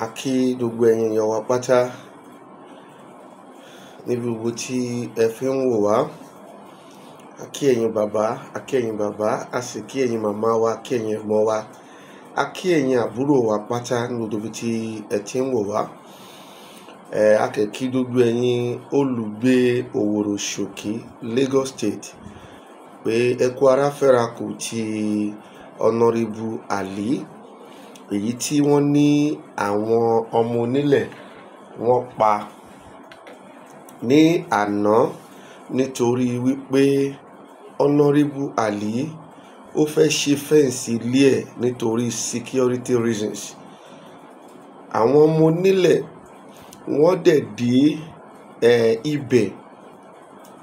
a kí gbogbo ẹ̀yin èèyàn wa pátá níbi gbogbo tí ẹ fi ń wò wá a kí bàbá a kí bàbá a sì kí ẹ̀yin màmá wa kí ẹ̀yin ẹ̀gbọ́n wa a kí àbúrò wa pátá níbi gbogbo tí ti ń wò wá ẹ gbogbo Lagos State pé ẹ ara fẹ́ra kù ti Ali èyí tí wọ́n ní àwọn ọmọ onílẹ̀ wọ́n pa ní àná nítorí wípé honorébù ali ó fẹ́ ṣe fẹ́ǹsì ilé ẹ̀ nítorí security reasons àwọn ọmọ onílẹ̀ wọ́n dẹ̀ dé ẹ̀ ibẹ̀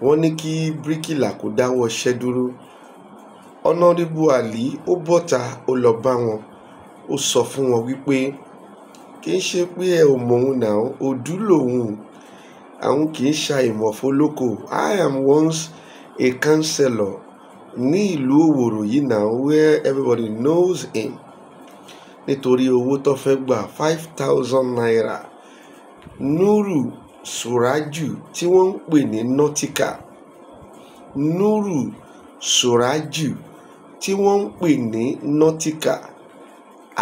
wọ́n ní kí bíríkìlà kó dáwọ́ iṣẹ́ dúró honorébù ali ó bọ́ta ó lọ bá wọn ó sọ fún wọn wípé kì í ṣe pé ẹ ò mọ̀ òun náà òdú lòun àwọn kì í ṣàìmọ̀fó lóko I am once a councillor ní ìlú òwòrò yìí náà where everybody knows him nítorí owó tó fẹ́ gbà five thousand naira nuru suraju tí wọ́n ń pè ní nautica nuru suraju tí wọ́n ń pè ní nautica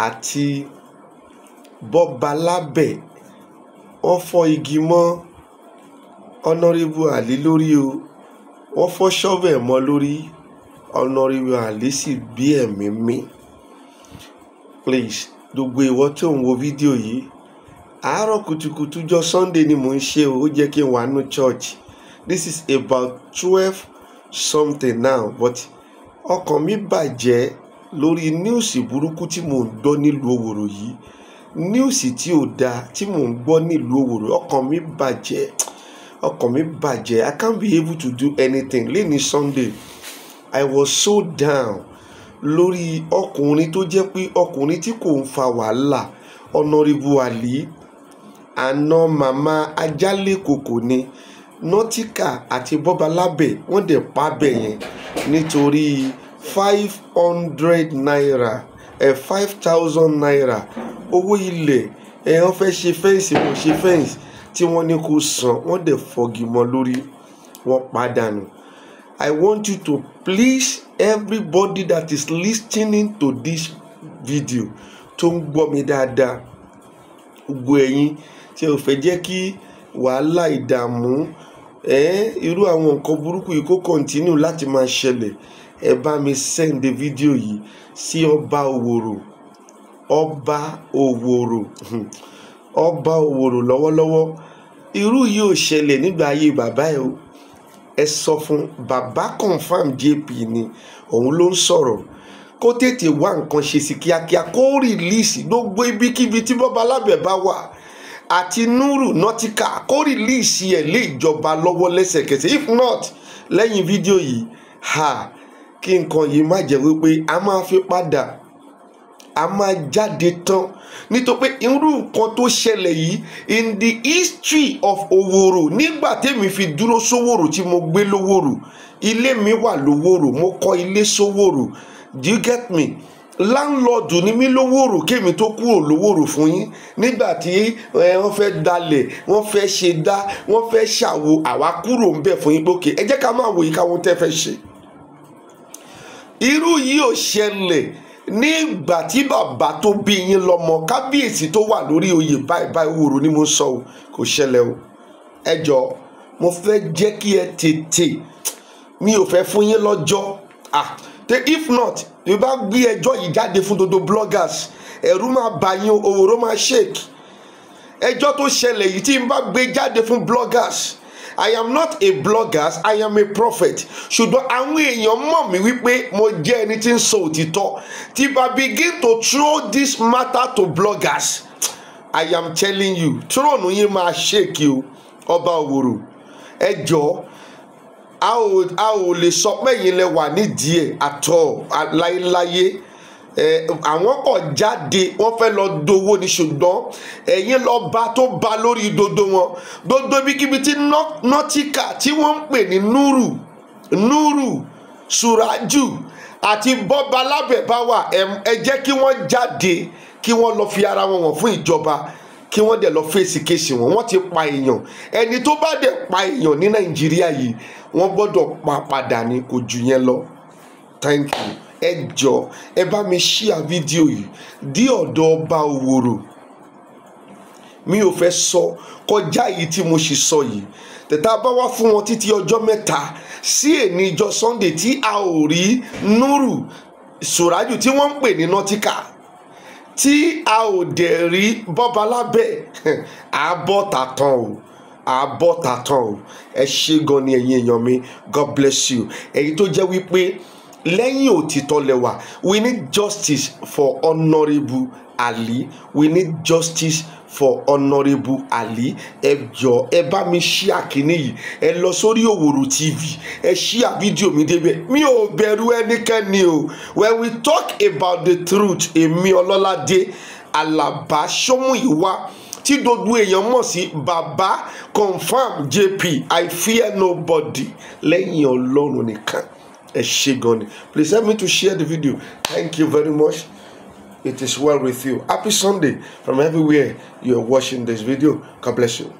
àti bọbalábẹ̀ wọ́n fọ́ igi mọ́ ọ̀nàrẹ́bù ali lórí o wọ́n fọ́ shovel mọ́ ọn lórí ọ̀nàrẹ́bù ali sì gbé ẹ̀mí mì please gbogbo ìwọ tí ò ń wo fídíò yìí àárọ̀ kùtùkùtù jọ sunday ni mò ń ṣe o ó jẹ́ kí n wà nù church this is about twelve something now but ọkàn mi bàjẹ́ lórí níùsì burúkú tí mò ń gbọ́ nílùú òwòrò yìí níùsì tí ò dáa tí mò ń gbọ́ nílùú òwòrò ọkàn mi bàjẹ́ ọkàn mi bàjẹ́ i can't be able to do anything lẹ́ni sunday i was so down lórí ọkùnrin tó jẹ́ pé ọkùnrin tí kò ń fa wàhálà ọ̀nàrìbù àlì àna màmá ajálẹ̀ kòkò ni nọ́tíkà àti bọ́balábẹ̀ wọ́n dẹ̀ pa bẹ̀ yẹn nítorí five hundred naira ẹ̀ five thousand naira owó ilẹ̀ ẹ̀ wọ́n fẹ́ ṣe fẹ́ǹsì kò ṣe fẹ́ǹsì tí wọ́n ní kó san wọ́n dẹ̀ fọgi lórí wọ́n padà I want you to please everybody that is listening to this video tó ń gbọ́ mi dáadáa gbogbo ẹ̀yin tí o fẹ́ jẹ́ kí wàhálà ìdààmú irú àwọn nǹkan burúkú yìí kó continue láti máa ṣẹlẹ̀ ẹ bá mi send fídíò yìí sí ọba òwòrò ọba òwòrò ọba òwòrò lọ́wọ́lọ́wọ́ irú yìí ò ṣẹlẹ̀ nígbà ayé bàbá ẹ o ẹ sọ fún bàbá confam jp ni òun ló ń sọ̀rọ̀ kó tètè wá nǹkan ṣe sí kíákíá kó rìlíìsì gbogbo ibikíbi tí bọ́ba alábẹ̀ bá wà àti nuru nautica kó rìlíìsì ẹ̀ lé ìjọba lọ́wọ́ lẹ́sẹ̀kẹsẹ̀ if not lẹ́yìn fídíò yìí ha kí nǹkan yìí má jẹ́ wípé a máa fi padà a máa jáde tán nítorí pé irú nǹkan tó ṣẹlẹ̀ yìí in the history of Oworo nígbà tèmi fi dúró sówòrò tí mo gbé lówòrò ilé mi wà lówòrò mo kọ́ ilé sówòrò do you get me láńlọ́ọ̀dù ni mí lówòrò kémi tó kúrò lówòrò fún yín nígbà tí wọ́n fẹ́ dalẹ̀ wọ́n fẹ́ ṣe dá wọ́n fẹ́ ṣàwo àwa kúrò ń bẹ̀ fún yín pé ok ẹ jẹ́ ká máa wòye káwọn tẹ́ fẹ́ ṣe irú yìí ò ṣẹlẹ̀ ní ìgbà tí bàbá tó bí yín lọ́mọ kábíyèsí tó wà lórí oyè báyìí báyìí wòrò ni mo sọ o kò ṣẹlẹ̀ o ẹ jọ mo fẹ́ jẹ́ kí ẹ tètè mi ò fẹ́ fún yín lọ́jọ́ ah te if not tí o bá gbé ẹjọ́ yìí jáde fún dodo bloggers ẹ̀rú máa bà yín òwòrò máa shake ẹjọ́ tó ṣẹlẹ̀ yìí tí n bá gbé jáde fún bloggers i am not a blogger i am a prophet ṣùgbọ́n àwọn èèyàn mọ̀ mí wípé mo jẹ́ ẹni tí ń sọ òtítọ́ tí bá begin to throw this matter to bloggers i am telling you tróònù yín máa ṣèkì o ọba òwòrò ẹ jọ̀ọ́ a ò lè sọ pé yín lẹ wà nídìí ẹ̀ àtọ̀ láéláyé àwọn kọ̀ jáde wọ́n fẹ́ lọ dowó ni ṣùgbọ́n ẹ̀yin lọ ba tó ba lórí dodo wọn dodo ibikíbi tí nọ́tíkà tí wọ́n ń pè ní núrù núrù suraju, àti bọ́ba lábẹ́bá wà ẹ jẹ́ kí wọ́n jáde kí wọ́n lọ fi ara wọn wọ̀n fún ìjọba kí wọ́n dẹ̀ lọ fèsì kéṣì wọn wọ́n ti pa èèyàn ẹni tó bá dẹ̀ pa èèyàn ní nàìjíríà yìí wọ́n gbọ́dọ̀ pa padà ní kò jù yẹn lọ thank you ẹ jọ ẹ bá mi ṣíà fídíò yìí dí ọ̀dọ̀ ọba Òwòrò mi ò fẹ́ sọ kọjá yìí tí mo sì sọ yìí tẹ̀tà bá wá fún wọn títí ọjọ́ mẹ́ta sí èní ìjọ Sunday tí a ò rí Núrù Sùrájù tí wọ́n ń pè ní nọ́tíkà tí a ò dẹ̀ rí bọ́balábẹ́ àbọ̀tà tán o àbọ̀tà tán o ẹ ṣé gan ni ẹ̀yin èèyàn mi God bless you èyí tó jẹ́ wípé lẹ́yìn òtítọ́ lẹ́wà we need justice for honourable ali we need justice for honourable ali ẹ jọ ẹ bá mi ṣí àkíní yìí ẹ lọ sórí òwòrò tv ẹ ṣí àfídíò mi débẹ̀ mi ò bẹ̀rù ẹnikẹ́ni o when we talk about the truth èmi ọlọ́ládé alaba ṣọ́mùyíwá tí gbogbo èèyàn mọ̀ sí baba confam jp i fear nobody lẹ́yìn ọlọ́run nìkan a shig Please help me to share the video. Thank you very much. It is well with you. Happy Sunday from everywhere you are watching this video. God bless you.